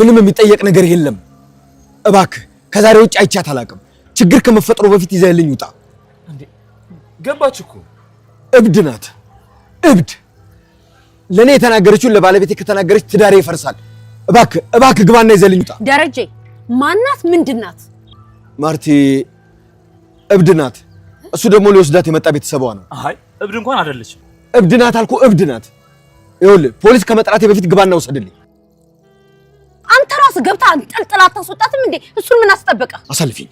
ምንም የሚጠየቅ ነገር የለም። እባክህ ከዛሬ ውጭ አይቻት አላውቅም። ችግር ከመፈጠሩ በፊት ይዘህልኝ ውጣ። ገባች እኮ እብድ ናት፣ እብድ ለእኔ የተናገረችውን ለባለቤቴ ከተናገረች ትዳሬ ይፈርሳል። እባክህ እባክህ ግባና ይዘህልኝ ውጣ። ደረጀ ማናት? ምንድን ናት? ማርቲ እብድ ናት። እሱ ደግሞ ሊወስዳት የመጣ ቤተሰቧ ነው። አይ እብድ እንኳን አይደለችም። እብድ ናት አልኩህ፣ እብድ ናት። ይኸውልህ ፖሊስ ከመጥራቴ በፊት ግባና ውሰድልኝ። አንተ ራስህ ገብተህ አንጠልጥላ አታስወጣትም እንዴ? እሱን ምን አስጠበቀ? አሳልፊኝ።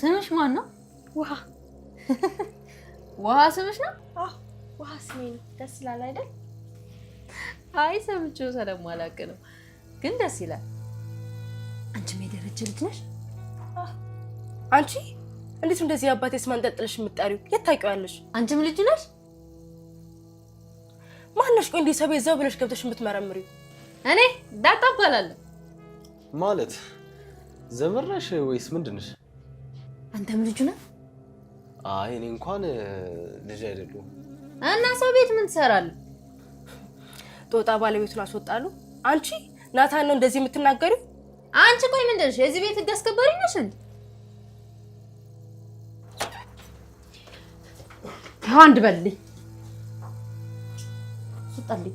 ስምሽ ማን ነው? ውሃ ውሃ ስምሽ ነው? አዎ ውሃ ስሜ ነው። ደስ ይላል አይደል? አይ ሰምቼው ስለማላውቅ ነው፣ ግን ደስ ይላል። አንቺም የደረጀ ልጅ ነሽ። አንቺ እንዴት እንደዚህ አባቴ ስም አንጠልጥለሽ የምትጠሪው? የት ታውቂዋለሽ? አንቺም ልጅ ነሽ። ማነሽ? ቆይ እንዲህ ሰው ቤት ዘው ብለሽ ገብተሽ የምትመረምሪው? እኔ ዳጣ እባላለሁ። ማለት ዘመድነሽ ወይስ ምንድንሽ? አንተም ልጁ ነህ? አይ እኔ እንኳን ልጅ አይደለሁም። እና ሰው ቤት ምን ትሰራለህ? ጦጣ ባለቤቱን አስወጣሉ። አንቺ ናታን ነው እንደዚህ የምትናገሪው? አንቺ ቆይ ምንድንሽ? የዚህ ቤት ህግ አስከባሪ ነሽ እንዴ? ተው አንድ በልልኝ። ስጠልኝ።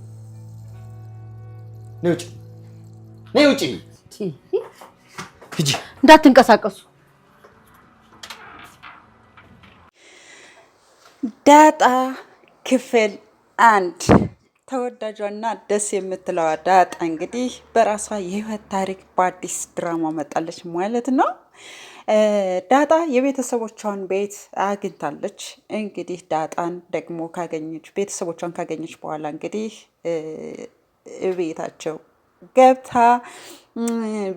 ነይ ውጪ፣ ነይ ውጪ፣ ሂጂ፣ እንዳትንቀሳቀሱ። ዳጣ ክፍል አንድ ተወዳጇና ደስ የምትለዋ ዳጣ እንግዲህ በራሷ የህይወት ታሪክ በአዲስ ድራማ መጣለች ማለት ነው። ዳጣ የቤተሰቦቿን ቤት አግኝታለች። እንግዲህ ዳጣን ደግሞ ካገኘች ቤተሰቦቿን ካገኘች በኋላ እንግዲህ ቤታቸው ገብታ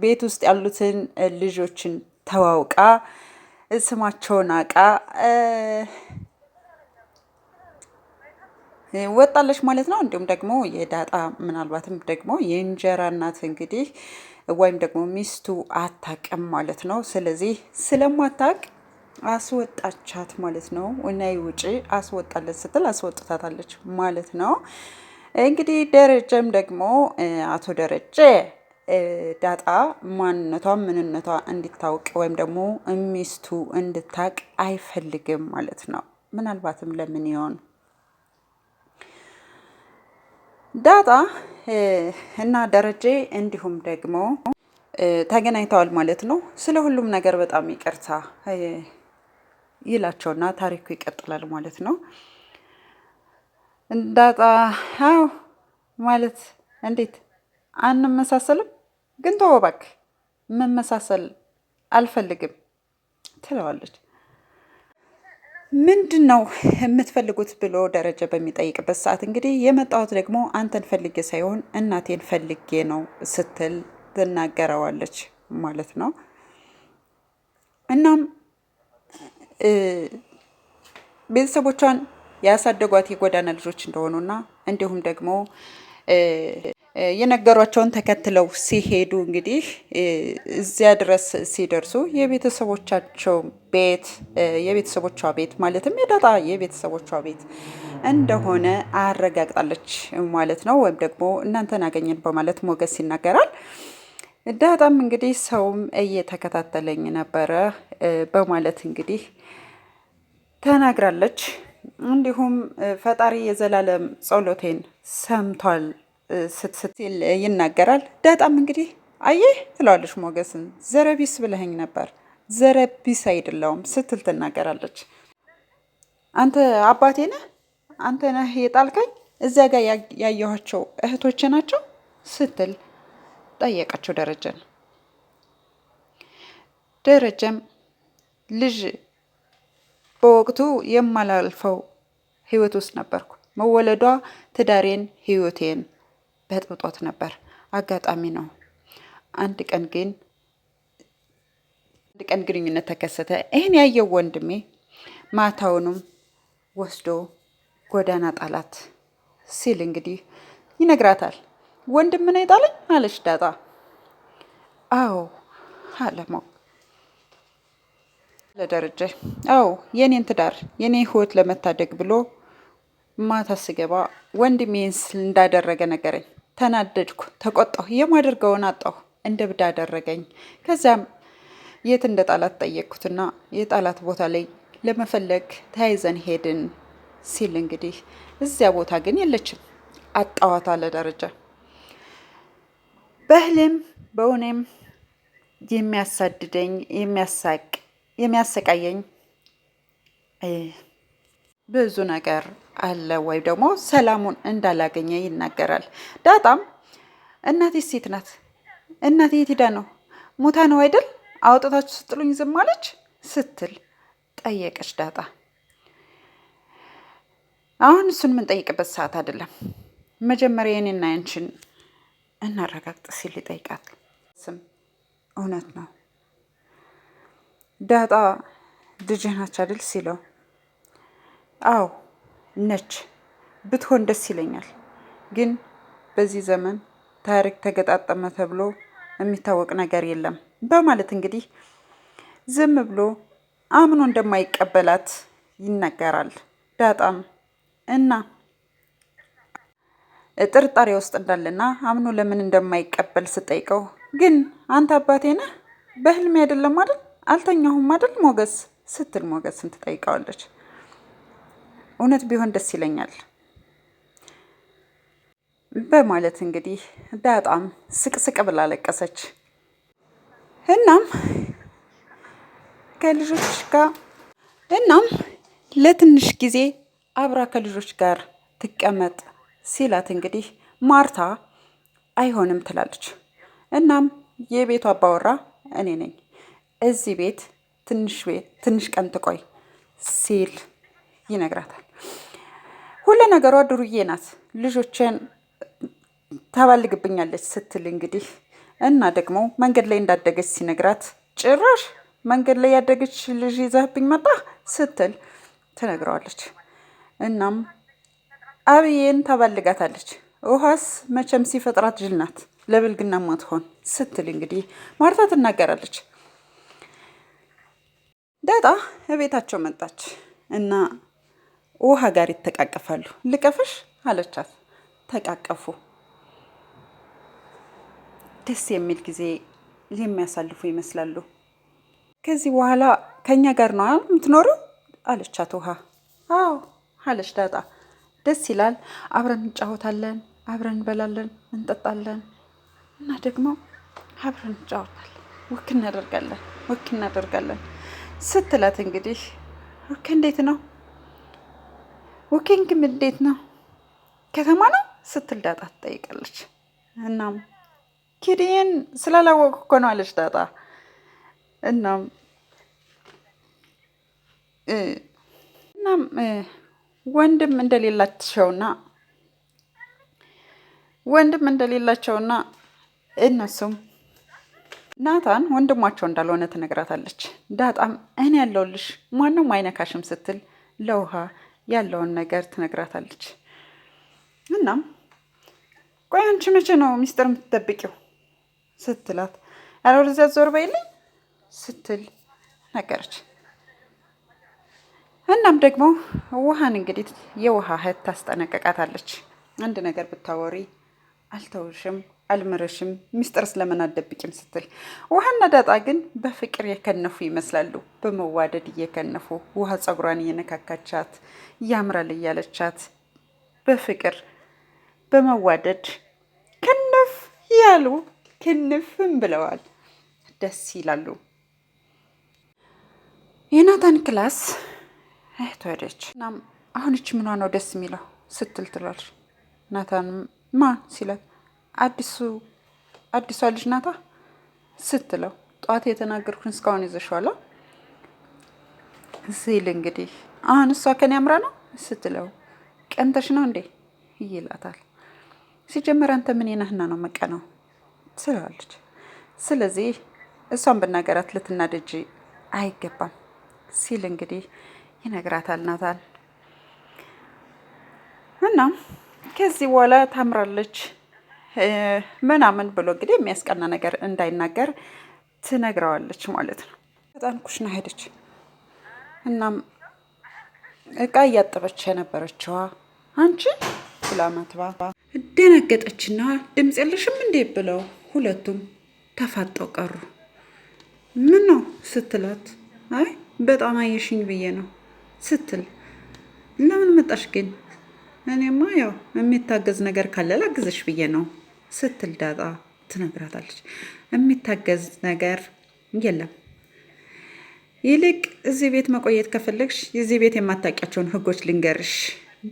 ቤት ውስጥ ያሉትን ልጆችን ተዋውቃ ስማቸውን አውቃ ወጣለች ማለት ነው። እንዲሁም ደግሞ የዳጣ ምናልባትም ደግሞ የእንጀራ እናት እንግዲህ ወይም ደግሞ ሚስቱ አታቅም ማለት ነው። ስለዚህ ስለማታቅ አስወጣቻት ማለት ነው። ነይ ውጪ አስወጣለት ስትል አስወጥታታለች ማለት ነው። እንግዲህ ደረጀም ደግሞ አቶ ደረጀ ዳጣ ማንነቷ ምንነቷ እንዲታወቅ ወይም ደግሞ ሚስቱ እንድታቅ አይፈልግም ማለት ነው። ምናልባትም ለምን ይሆን ዳጣ እና ደረጀ እንዲሁም ደግሞ ተገናኝተዋል ማለት ነው። ስለ ሁሉም ነገር በጣም ይቅርታ ይላቸውና ታሪኩ ይቀጥላል ማለት ነው። ዳጣ አዎ፣ ማለት እንዴት አንመሳሰልም? ግን ተወው እባክህ፣ መመሳሰል አልፈልግም ትለዋለች። ምንድን ነው የምትፈልጉት ብሎ ደረጀ በሚጠይቅበት ሰዓት እንግዲህ የመጣሁት ደግሞ አንተን ፈልጌ ሳይሆን እናቴን ፈልጌ ነው ስትል ትናገረዋለች ማለት ነው። እናም ቤተሰቦቿን ያሳደጓት የጎዳና ልጆች እንደሆኑና እንዲሁም ደግሞ የነገሯቸውን ተከትለው ሲሄዱ እንግዲህ እዚያ ድረስ ሲደርሱ የቤተሰቦቻቸው ቤት የቤተሰቦቿ ቤት ማለትም የዳጣ የቤተሰቦቿ ቤት እንደሆነ አረጋግጣለች ማለት ነው። ወይም ደግሞ እናንተን አገኘን በማለት ሞገስ ይናገራል። ዳጣም እንግዲህ ሰውም እየተከታተለኝ ነበረ በማለት እንግዲህ ተናግራለች። እንዲሁም ፈጣሪ የዘላለም ጸሎቴን ሰምቷል ስትል ይናገራል። ዳጣም እንግዲህ አየህ ትለዋለች ሞገስን። ዘረቢስ ብለኸኝ ነበር፣ ዘረቢስ አይደለውም ስትል ትናገራለች። አንተ አባቴ ነህ፣ አንተ ነህ የጣልከኝ፣ እዚያ ጋር ያየኋቸው እህቶቼ ናቸው ስትል ጠየቀችው ደረጀን። ደረጀም ልጅ በወቅቱ የማላልፈው ህይወት ውስጥ ነበርኩ። መወለዷ ትዳሬን፣ ህይወቴን በጥብጦት ነበር። አጋጣሚ ነው። አንድ ቀን ግን አንድ ቀን ግንኙነት ተከሰተ። ይህን ያየው ወንድሜ ማታውንም ወስዶ ጎዳና ጣላት ሲል እንግዲህ ይነግራታል። ወንድም ነው የጣለኝ አለች ዳጣ። አዎ አለሞ ለደረጀ አዎ የኔን ትዳር የኔ ህይወት ለመታደግ ብሎ ማታ ስገባ ወንድሜን እንዳደረገ ነገረኝ። ተናደድኩ፣ ተቆጣሁ፣ የማደርገውን አጣሁ። እንደ ብዳ አደረገኝ። ከዚያም የት እንደ ጣላት ጠየቅኩትና የጣላት ቦታ ላይ ለመፈለግ ተያይዘን ሄድን ሲል እንግዲህ እዚያ ቦታ ግን የለችም፣ አጣዋት አለ ደረጃ። በህልም በእውኔም የሚያሳድደኝ የሚያሳቅ የሚያሰቃየኝ ብዙ ነገር አለ ወይም ደግሞ ሰላሙን እንዳላገኘ ይናገራል። ዳጣም እናቴ ሴት ናት፣ እናቴ የት ሄዳ ነው? ሙታ ነው አይደል? አውጥታችሁ ስጥሉኝ ዝም አለች ስትል ጠየቀች ዳጣ። አሁን እሱን የምንጠይቅበት ሰዓት አይደለም። መጀመሪያ የኔና ያንችን እናረጋግጥ ሲል ይጠይቃት። ስም እውነት ነው ዳጣ ልጅህ ናች አይደል ሲለው አዎ ነች ብትሆን ደስ ይለኛል። ግን በዚህ ዘመን ታሪክ ተገጣጠመ ተብሎ የሚታወቅ ነገር የለም በማለት እንግዲህ ዝም ብሎ አምኖ እንደማይቀበላት ይነገራል። ዳጣም እና ጥርጣሬ ውስጥ እንዳለና አምኖ ለምን እንደማይቀበል ስጠይቀው ግን አንተ አባቴ ነህ በህልሜ አይደለም አይደል አልተኛሁም አይደል ሞገስ ስትል ሞገስን ትጠይቀዋለች። እውነት ቢሆን ደስ ይለኛል በማለት እንግዲህ ዳጣም ስቅስቅ ብላ ለቀሰች። እናም ከልጆች ጋር እናም ለትንሽ ጊዜ አብራ ከልጆች ጋር ትቀመጥ ሲላት እንግዲህ ማርታ አይሆንም ትላለች። እናም የቤቱ አባወራ እኔ ነኝ፣ እዚህ ቤት ትንሽ ቤት ትንሽ ቀን ትቆይ ሲል ይነግራታል። ሁለ ነገሯ ዱርዬ ናት። ልጆችን ታባልግብኛለች ስትል እንግዲህ እና ደግሞ መንገድ ላይ እንዳደገች ሲነግራት ጭራሽ መንገድ ላይ ያደገች ልጅ ይዘህብኝ መጣ ስትል ትነግረዋለች። እናም አብዬን ታባልጋታለች። ውሃስ መቼም ሲፈጥራት ጅል ናት ለብልግና ማትሆን ስትል እንግዲህ ማርታ ትናገራለች። ዳጣ እቤታቸው መጣች እና ውሃ ጋር ይተቃቀፋሉ። ልቀፍሽ አለቻት። ተቃቀፉ። ደስ የሚል ጊዜ የሚያሳልፉ ይመስላሉ። ከዚህ በኋላ ከኛ ጋር ነው የምትኖረው አለቻት ውሃ። አዎ አለች ዳጣ። ደስ ይላል። አብረን እንጫወታለን፣ አብረን እንበላለን፣ እንጠጣለን እና ደግሞ አብረን እንጫወታለን፣ ወክ እናደርጋለን፣ ወክ እናደርጋለን ስትላት እንግዲህ ወክ እንዴት ነው ወኪንግም እንዴት ነው ከተማ ነው ስትል ዳጣ ትጠይቃለች። እናም ኪድን ስላላወቅ እኮ ነው አለች ዳጣ። እናም እናም ወንድም እንደሌላቸውና ወንድም እንደሌላቸውና እነሱም ናታን ወንድማቸው እንዳልሆነ ትነግራታለች። ዳጣም እኔ ያለውልሽ ማንም አይነካሽም ስትል ለውሃ ያለውን ነገር ትነግራታለች። እናም ቆይ አንቺ መቼ ነው ሚስጥር የምትጠብቂው ስትላት ኧረ ወደዚያ ዞር በይልኝ ስትል ነገረች። እናም ደግሞ ውሃን እንግዲህ የውሃ እህት ታስጠነቀቃታለች። አንድ ነገር ብታወሪ አልተውሽም አልምረሽም ሚስጥር ስለምን አደብቂም ስትል ውሃና ዳጣ ግን በፍቅር የከነፉ ይመስላሉ። በመዋደድ እየከነፉ ውሃ ጸጉሯን እየነካካቻት ያምራል እያለቻት በፍቅር በመዋደድ ክንፍ ያሉ ክንፍም ብለዋል። ደስ ይላሉ። የናታን ክላስ እህት ወደች። እናም አሁንች ምኗ ነው ደስ የሚለው ስትል ትላል። ናታን ማ ሲላት አዲሱ አዲሷ ልጅ ናታ ስትለው ጠዋት የተናገርኩን እስካሁን ይዘሸዋላ ሲል እንግዲህ አሁን እሷ ከኔ አምራ ነው ስትለው ቀንተሽ ነው እንዴ ይላታል። ሲጀመር አንተ ምን የነህና ነው መቀነው ትለዋለች። ስለዚህ እሷን ብናገራት ልትናደጂ አይገባም ሲል እንግዲህ ይነግራታል ናታል። እናም ከዚህ በኋላ ታምራለች ምናምን ብሎ እንግዲህ የሚያስቀና ነገር እንዳይናገር ትነግረዋለች ማለት ነው። በጣም ኩሽና ሄደች። እናም እቃ እያጠበች የነበረችዋ አንቺ ብላ መትባቷ ደነገጠችና ድምፅ የለሽም እንዴ ብለው ሁለቱም ተፋጠው ቀሩ። ምን ነው ስትላት፣ አይ በጣም አየሽኝ ብዬ ነው ስትል፣ ለምን መጣሽ ግን? እኔማ ያው የሚታገዝ ነገር ካለ ላግዝሽ ብዬ ነው ስትል ዳጣ ትነግራታለች። የሚታገዝ ነገር የለም። ይልቅ እዚህ ቤት መቆየት ከፈለግሽ የዚህ ቤት የማታውቂያቸውን ህጎች ልንገርሽ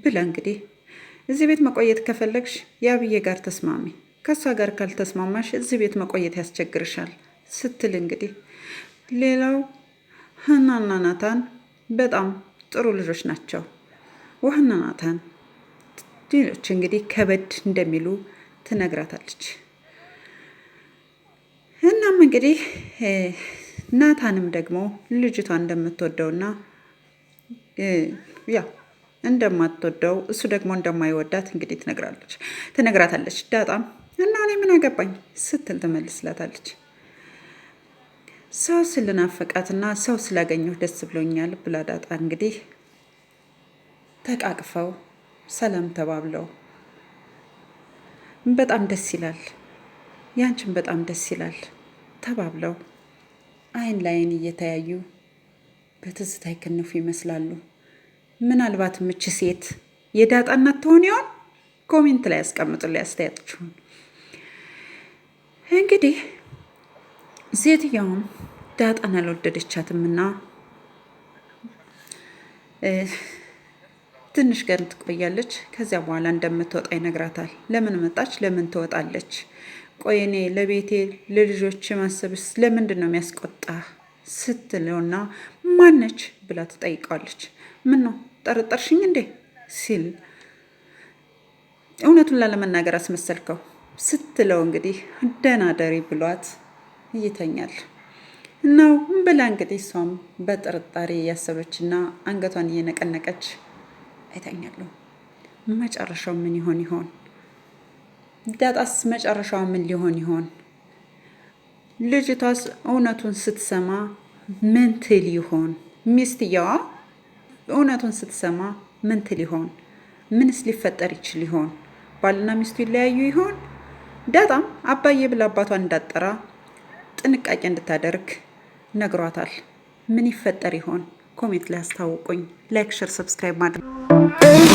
ብላ እንግዲህ እዚህ ቤት መቆየት ከፈለግሽ የአብዬ ጋር ተስማሚ፣ ከእሷ ጋር ካልተስማማሽ እዚህ ቤት መቆየት ያስቸግርሻል ስትል እንግዲህ ሌላው ሀናና ናታን በጣም ጥሩ ልጆች ናቸው። ዋህና ናታን ሌሎች እንግዲህ ከበድ እንደሚሉ ትነግራታለች። እናም እንግዲህ ናታንም ደግሞ ልጅቷ እንደምትወደውና ያ እንደማትወደው እሱ ደግሞ እንደማይወዳት እንግዲህ ትነግራለች ትነግራታለች። ዳጣም እና እኔ ምን አገባኝ ስትል ትመልስላታለች። ሰው ስልናፈቃትና ሰው ስላገኘሁ ደስ ብሎኛል ብላ ዳጣ እንግዲህ ተቃቅፈው ሰላም ተባብለው በጣም ደስ ይላል፣ ያንቺም በጣም ደስ ይላል ተባብለው አይን ለአይን እየተያዩ በትዝታ ይከነፉ ይመስላሉ። ምናልባት ምች ሴት የዳጣ እናት ትሆን ይሆን? ኮሜንት ላይ ያስቀምጡልኝ አስተያየታችሁን። እንግዲህ ሴትየውም ዳጣን አልወደደቻትምና ትንሽ ቀን ትቆያለች። ከዚያ በኋላ እንደምትወጣ ይነግራታል። ለምን መጣች? ለምን ትወጣለች? ቆይ እኔ ለቤቴ ለልጆች ማሰብስ ለምንድን ነው የሚያስቆጣ ስትለውና ማነች ብላ ትጠይቀዋለች። ምን ነው ጠረጠርሽኝ እንዴ ሲል እውነቱን ላለመናገር አስመሰልከው ስትለው እንግዲህ ደህና ደሪ ብሏት ይተኛል። እናው ብላ እንግዲህ እሷም በጥርጣሬ እያሰበችና አንገቷን እየነቀነቀች አይተኛለሁ። መጨረሻው ምን ይሆን ይሆን? ዳጣስ መጨረሻዋ ምን ሊሆን ይሆን? ልጅቷስ እውነቱን ስትሰማ ምን ትል ይሆን? ሚስትየዋ እውነቱን ስትሰማ ምን ትል ይሆን? ምንስ ሊፈጠር ይችል ይሆን? ባልና ሚስቱ ይለያዩ ይሆን? ዳጣም አባዬ ብላ አባቷን እንዳጠራ ጥንቃቄ እንድታደርግ ነግሯታል። ምን ይፈጠር ይሆን? ኮሜንት ላይ አስታውቁኝ። ላይክ፣ ሸር፣ ሰብስክራይብ ማድረግ